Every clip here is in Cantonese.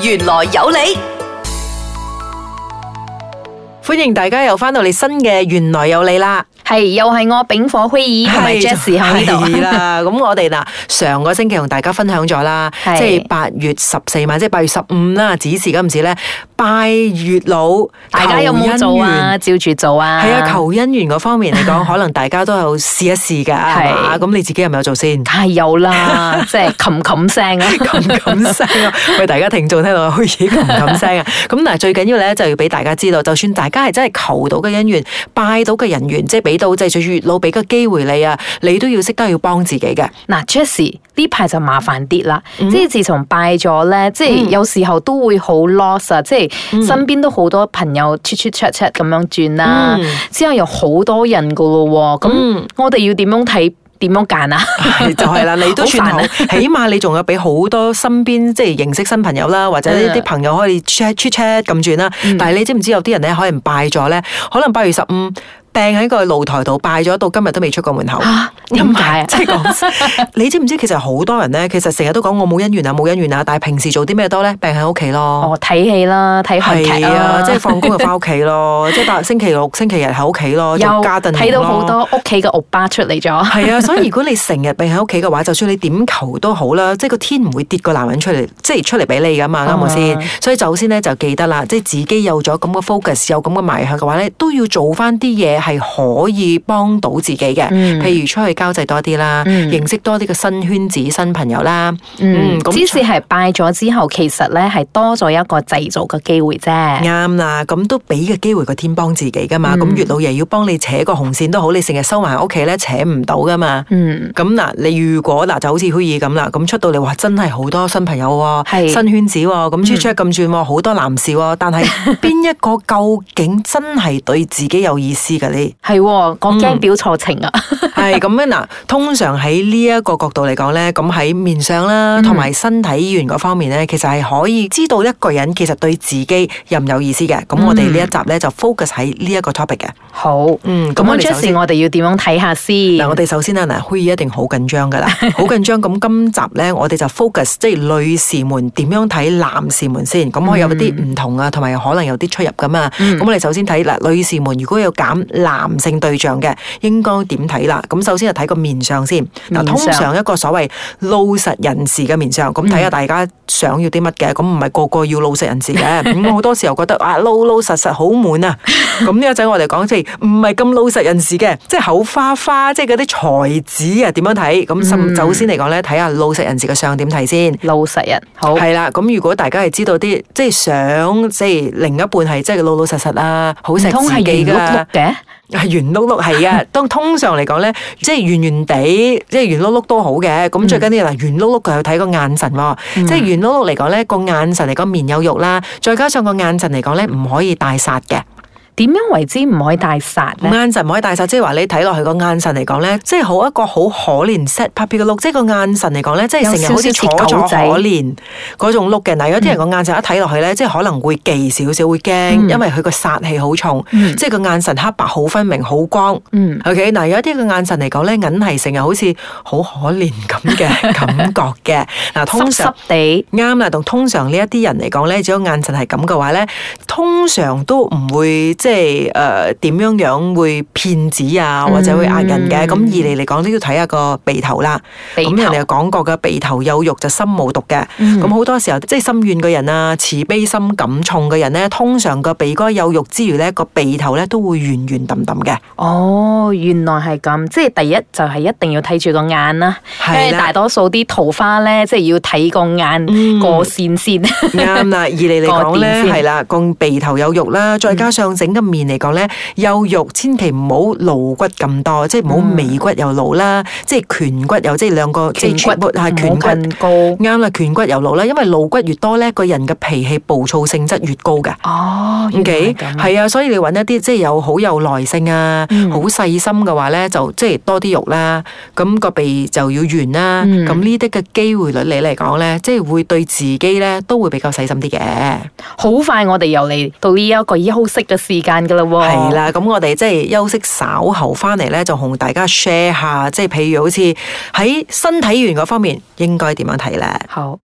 玄來有理，歡迎大家又翻到嚟新嘅玄來有理啦，係又係我丙火輝耳係 Jess 喺度啦。咁我哋嗱，上個星期同大家分享咗啦的，即係八月十四晚，即係八月十五啦，指示咁唔知咧。拜月老，大家有冇做啊？照住做啊？係啊，求姻緣嗰方面嚟講，可能大家都有試一試噶，係嘛？咁你自己係咪有做先？係有啦，即係琴琴聲啊，琴琴聲，喂，大家聽眾聽到好似琴琴聲啊！咁嗱，最緊要咧就要俾大家知道，就算大家係真係求到嘅姻緣，拜到嘅人緣，即係俾到，即係月老俾個機會你啊，你都要識得要幫自己嘅。嗱，Chris 呢排就麻煩啲啦，即係自從拜咗咧，即係有時候都會好 loss 啊，即係。身邊都好多朋友 check check check 咁樣轉啦，嗯、之後又好多人噶咯，咁、嗯、我哋要點樣睇？點、嗯、樣揀啊？ 就係啦，你都算好，煩啊、起碼你仲有俾好多身邊即係認識新朋友啦，或者一啲朋友可以 check 咁轉啦。的但係你知唔知有啲人咧可、嗯、可能拜咗咧，可能八月十五掟喺個露台度拜咗，到今日都未出過門口。啊。點解啊？即係講，你知唔知其實好多人咧，其實成日都講我冇姻緣啊，冇姻緣啊。但係平時做啲咩多咧？病喺屋企咯。哦，睇戲啦，睇韓劇啦，即係放工就翻屋企咯，即係大星期六、星期日喺屋企咯。有又家庭睇到好多屋企嘅歐巴出嚟咗。係啊，所以如果你成日病喺屋企嘅話， 就算你點求都好啦，即係個天唔會跌個男人出嚟，即係出嚟俾你噶嘛，啱唔啱先？所以首先咧就記得啦，即係自己有咗咁嘅 focus，有咁嘅邁向嘅話咧，都要做翻啲嘢係可以幫到自己嘅，譬、嗯、如出去。交際多啲啦，認識多啲嘅新圈子、新朋友啦。嗯，即使係拜咗之後，其實咧係多咗一個製造嘅機會啫。啱啦，咁都俾個機會個天幫自己噶嘛。咁月老爺要幫你扯個紅線都好，你成日收埋屋企咧扯唔到噶嘛。嗯，咁嗱，你如果嗱就好似虛擬咁啦，咁出到嚟話真係好多新朋友喎，新圈子喎，咁出出咁轉喎，好多男士喎，但係邊一個究竟真係對自己有意思嘅你係，我驚表錯情啊。係咁樣。嗱，通常喺呢一個角度嚟講咧，咁喺面相啦，同埋身體語言嗰方面咧，其實係可以知道一個人其實對自己有唔有意思嘅。咁我哋呢一集咧就 focus 喺呢一個 topic 嘅。好，嗯，咁、嗯、我哋出事我哋要點樣睇下先？嗱 Jesse,，我哋首先咧，嗱，虛擬一定好緊張噶啦，好緊張。咁 今集咧，我哋就 focus 即係女士們點樣睇男士們先。咁我有啲唔同啊，同埋、嗯、可能有啲出入㗎嘛。咁、嗯、我哋首先睇嗱、呃，女士們如果有揀男性對象嘅，應該點睇啦？咁首先睇個面上先，嗱相通常一個所謂老實人士嘅面相，咁睇下大家想要啲乜嘅，咁唔係個個要老實人士嘅，咁好 多時候覺得啊老老實實好悶啊，咁呢 一仔我哋講即係唔係咁老實人士嘅，即係口花花，即係嗰啲才子啊，點樣睇？咁、嗯嗯、首先嚟講咧，睇下老實人士嘅相點睇先，老實人好係啦。咁如果大家係知道啲即係想即係另一半係即係老老實實啊，好食自己嘅。係圓碌碌係啊，當通常嚟講咧， 即係圓圓地，即係圓碌碌都好嘅。咁最緊要嗱，圓碌碌佢要睇個眼神，即係圓碌碌嚟講咧個眼神嚟講面有肉啦，再加上個眼神嚟講咧唔可以大煞嘅。點樣為之唔可以帶殺？眼神唔可以帶殺，即係話你睇落去個眼神嚟講咧，即係好一個好可憐 set puppy 嘅 look，即係個眼神嚟講咧，即係成日好似楚楚可憐嗰種 look 嘅。嗱，有啲人個眼神一睇落去咧，嗯、即係可能會忌少少，會驚，因為佢個殺氣好重，嗯、即係個眼神黑白好分明，好光。OK 嗱，okay? 有啲個眼神嚟講咧，硬係成日好似好可憐咁嘅感覺嘅。嗱， 通常啱啦，同通常呢一啲人嚟講咧，如果眼神係咁嘅話咧，通常都唔會即即係誒，點、呃、樣樣會騙子啊，或者會壓人嘅？咁、嗯嗯、二嚟嚟講都要睇下個鼻頭啦。咁頭人哋講過嘅鼻頭有肉就心無毒嘅。咁好、嗯、多時候即係、就是、心軟嘅人啊，慈悲心咁重嘅人咧，通常個鼻哥有肉之餘咧，個鼻頭咧都會圓圓揼揼嘅。哦，原來係咁，即係第一就係、是、一定要睇住個眼啦。係大多數啲桃花咧，即、就、係、是、要睇個眼過線先、嗯。啱啦，二嚟嚟講咧係啦，個鼻頭有肉啦，再加上整。嗯面嚟講咧，有肉千祈唔好露骨咁多，即係唔好眉骨又露啦，嗯、即係顴骨又，即係兩個即係顴骨啊，顴骨高啱啦，顴骨又露啦，因為露骨越多咧，個人嘅脾氣暴躁性質越高嘅哦，咁係 okay? 啊，所以你揾一啲即係有好有耐性啊，好細、嗯、心嘅話咧，就即係多啲肉啦，咁、那個鼻就要圓啦、啊，咁呢啲嘅機會率你嚟講咧，即係會對自己咧都會比較細心啲嘅。好快我、這個，我哋又嚟到呢一個休息嘅時。間噶 啦，係啦，咁我哋即係休息稍後翻嚟咧，就同大家 share 下，即係譬如好似喺身體完嗰方面應該點樣睇咧？好。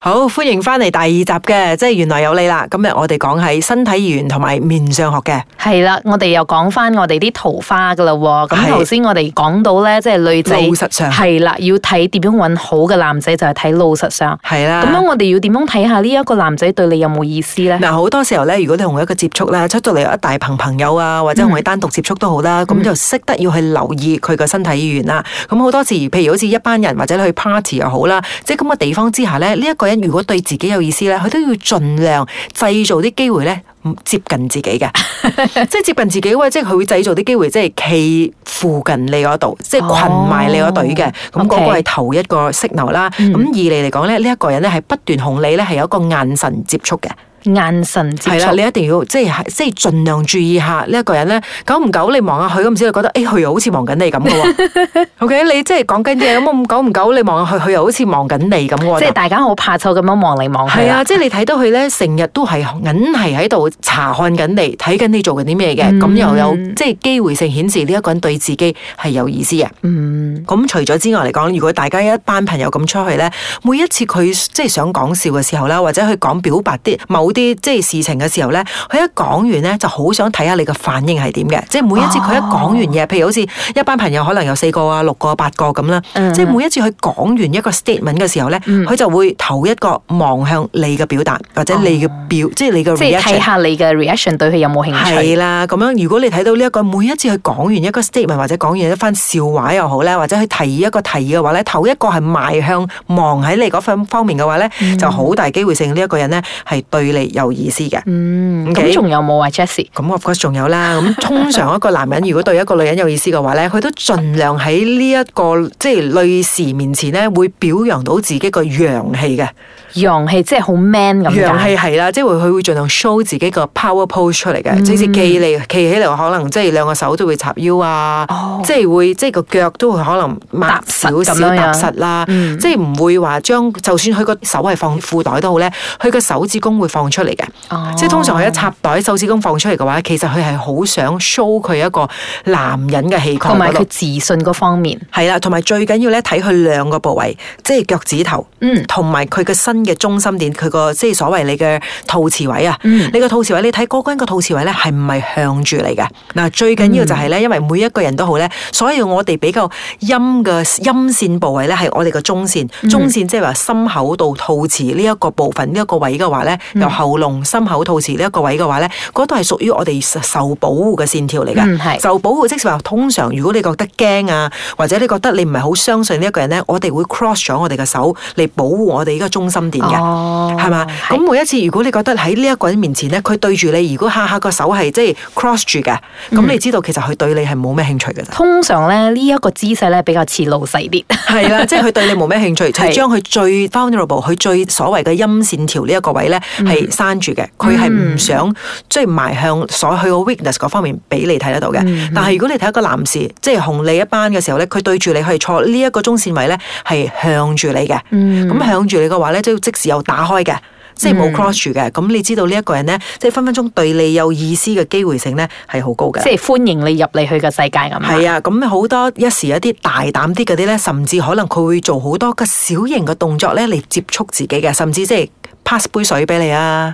好，歡迎翻嚟第二集嘅，即係玄來有理啦。今日我哋講係身體語言同埋面相學嘅，係啦，我哋又講翻我哋啲桃花噶啦。咁頭先我哋講到咧，即係女仔老實上係啦，要睇點樣搵好嘅男仔，就係睇老實上係啦。咁樣了我哋要點樣睇下呢一個男仔對你有冇意思咧？嗱，好多時候咧，如果你同佢一個接觸咧，出到嚟有一大棚朋友啊，或者同佢單獨接觸都好啦，咁、嗯、就識得要去留意佢個身體語言啦。咁好多時，譬如好似一班人或者去 party 又好啦，即係咁嘅地方之下咧，呢、這、一個如果對自己有意思咧，佢都要盡量製造啲機會咧接近自己嘅， 即係接近自己或者佢會製造啲機會，即係企附近你嗰度，即係群埋你嗰隊嘅。咁嗰、哦、個係頭一個信號啦。咁二嚟嚟講咧，呢一、這個人咧係不斷同你咧係有一個眼神接觸嘅。眼神係啦，你一定要即係即係盡量注意下呢一、這個人咧。久唔久你望下佢，咁唔知就覺得誒，佢、哎、又好似望緊你咁嘅。 o、okay? K，你即係講緊啲嘢咁， 久唔久你望下佢，佢又好似望緊你咁。即係大家好怕醜咁樣望嚟望去。係啊，即係你睇到佢咧，成日都係硬係喺度查看緊你，睇緊你做緊啲咩嘅。咁又有即係機會性顯示呢一、這個人對自己係有意思嘅。 嗯。咁除咗之外嚟講，如果大家一班朋友咁出去咧，每一次佢即係想講笑嘅時候啦，或者佢講表白啲某。啲即係事情嘅時候咧，佢一講完咧，就好想睇下你嘅反應係點嘅。即係每一次佢一講完嘢，oh. 譬如好似一班朋友可能有四個啊、六個八個咁啦。Mm hmm. 即係每一次佢講完一個 statement 嘅時候咧，佢、mm hmm. 就會頭一個望向你嘅表達或者你嘅表，oh. 即係你嘅 reaction，睇下你嘅 reaction 對佢有冇興趣。係啦，咁樣如果你睇到呢、這、一個，每一次佢講完一個 statement 或者講完一番笑話又好咧，或者佢提一個提議嘅話咧，頭一個係邁向望喺你份方面嘅話咧，mm hmm. 就好大機會性呢一個人咧係對有意思嘅，嗯，咁仲 Okay? 有冇啊 Jesse？i 咁我覺得仲有啦。咁 通常一個男人如果對一個女人有意思嘅話咧，佢都盡量喺呢一個即係女士面前咧，會表揚到自己個陽氣嘅。陽氣，即係好 man 咁。陽氣係啦，即係佢會盡量 show 自己個 power pose 出嚟嘅，嗯，即是企你企起嚟，可能即係兩個手都會插腰啊，哦，即係會即係個腳都會可能踏少踏實咁樣樣啦，嗯，即係唔會話將就算佢個手係放褲袋都好咧，佢個手指公會放。出嚟嘅，哦、即係通常佢一插袋手指公放出嚟嘅話，其實佢係好想 show 佢一個男人嘅氣概，同埋佢自信嗰方面係啦。同埋最緊要咧，睇佢兩個部位，即係腳趾頭，同埋佢嘅身嘅中心點，佢個即係所謂你嘅肚臍位啊，你個肚臍位，嗯、你睇嗰根個肚臍位咧，係唔係向住嚟嘅？嗱，最緊要就係咧，因為每一個人都好咧，所以我哋比較陰嘅陰線部位咧，係我哋嘅中線，中線即係話心口到肚臍呢一個部分，呢一個位嘅話咧，喉嚨、心口、肚臍呢一個位嘅話咧，嗰度係屬於我哋受保護嘅線條嚟嘅。嗯、受保護，即使話通常，如果你覺得驚啊，或者你覺得你唔係好相信呢一個人咧，我哋會 cross 咗我哋嘅手嚟保護我哋呢個中心點嘅，係嘛？咁每一次，如果你覺得喺呢一個人面前咧，佢對住你，如果下下個手係即係 cross 住嘅，咁、嗯、你知道其實佢對你係冇咩興趣嘅。通常咧，呢、這、一個姿勢咧，比較似老細啲，係 啦，即係佢對你冇咩興趣，就係將佢最 vulnerable 佢最所謂嘅陰線條呢一個位咧係。嗯閂住嘅，佢係唔想即係埋向所謂嘅 weakness 嗰方面俾你睇得到嘅。嗯嗯、但係如果你睇一個男士，即係紅脷一班嘅時候咧，佢對住你係坐呢一個中線位咧，係、嗯、向住你嘅。咁向住你嘅話咧，即係即時又打開嘅，即係冇 cross 住嘅。咁、嗯、你知道呢一個人咧，即係分分鐘對你有意思嘅機會性咧，係好高嘅。即係歡迎你入嚟去嘅世界咁。係啊，咁好、嗯、多一時一啲大膽啲嗰啲咧，甚至可能佢會做好多個小型嘅動作咧嚟接觸自己嘅，甚至即係。pass 杯水俾你啊，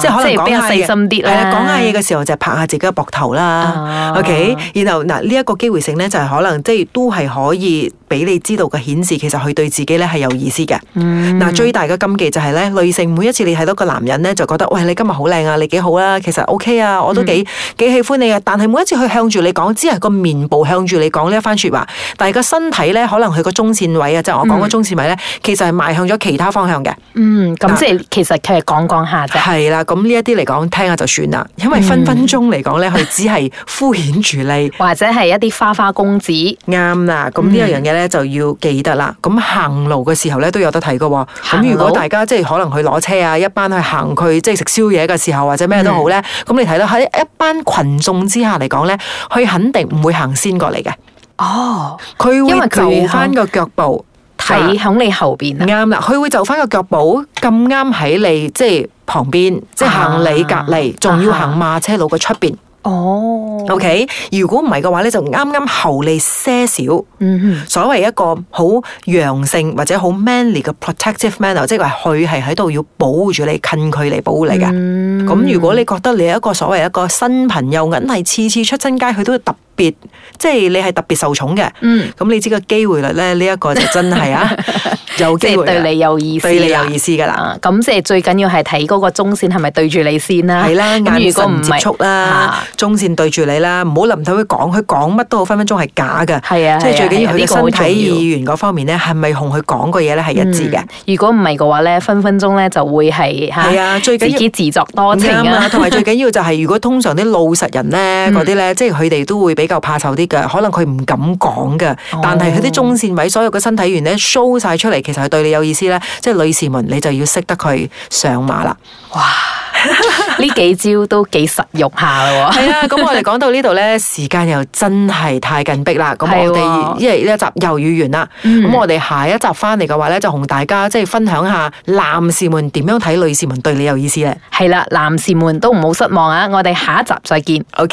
即係可能講下嘢，係啊，講下嘢嘅時候就拍下自己嘅膊頭啦。啊、OK，然後嗱呢一、這個機會性咧，就係可能即係都係可以俾你知道嘅顯示，其實佢對自己咧係有意思嘅。嗱、嗯，最大嘅禁忌就係、是、咧，女性每一次你睇到個男人咧，就覺得喂你今日好靚啊，你幾好啦、啊，其實 OK 啊，我都幾、嗯、幾喜歡你啊。」但係每一次佢向住你講，只係個面部向住你講呢一番説話，但係個身體咧，可能佢個中線位啊，即、就、係、是、我講嘅中線位咧，嗯、其實係邁向咗其他方向嘅。咁即係。嗯。其實佢係講講下啫，係啦。咁呢一啲嚟講，聽下就算啦。因為分分鐘嚟講咧，佢、嗯、只係敷衍住你，或者係一啲花花公子。啱啦。咁呢樣嘢咧就要記得啦。咁行路嘅時候咧都有得睇噶。咁路如果大家即係可能去攞車啊，一班去行佢即係食宵夜嘅時候或者咩都好咧，咁、嗯、你睇到喺一班群眾之下嚟講咧，佢肯定唔會行先過嚟嘅。哦，佢他會留翻個腳步。喺喺你後邊啊！啱啦，佢會就翻個腳步咁啱喺你即係旁邊，即係行你隔離，仲要行馬車路嘅出邊。哦，OK。如果唔係嘅話咧，就啱啱後你些少。嗯哼，所謂一個好陽性或者好 manly 嘅 protective manner，即係話佢係喺度要保護住你近距離保護你嚟嘅。咁如果你覺得你一個所謂一個新朋友，咁係次次出親街，佢都揼。別即係你係特別受寵嘅，咁、嗯嗯、你知個機會率咧呢一、呢個就真係啊，有機會對你有意對你有意思噶啦。咁、啊、即係最緊要係睇嗰個中線係咪對住你先啦。係啦、嗯，眼神唔接觸啦，啊、中線對住你啦，唔好林唔睇佢講，佢講乜都好，分分鐘係假嘅。係啊，即係最緊要佢身體語言嗰方面咧，係咪同佢講嘅嘢咧係一致嘅？如果唔係嘅話咧，分分鐘咧就會係係啊，最緊要自己自作多情啊。同埋、嗯啊、最緊要就係如果通常啲老實人咧嗰啲咧，嗯、即係佢哋都會俾。比較怕羞啲嘅，可能佢唔敢講嘅。哦、但係佢啲中線位所有嘅身體語言咧 show 晒出嚟，其實係對你有意思咧。即係女士們，你就要識得佢上馬啦。哇，呢 幾招都幾實用下咯。係 啊，咁我哋講到呢度咧，時間又真係太緊迫啦。咁我哋因為呢一集又完啦。咁的我哋下一集翻嚟嘅話咧，就同大家即係分享下男士們點樣睇女士們對你有意思咧。係啦，男士們都唔好失望啊！我哋下一集再見。Okay.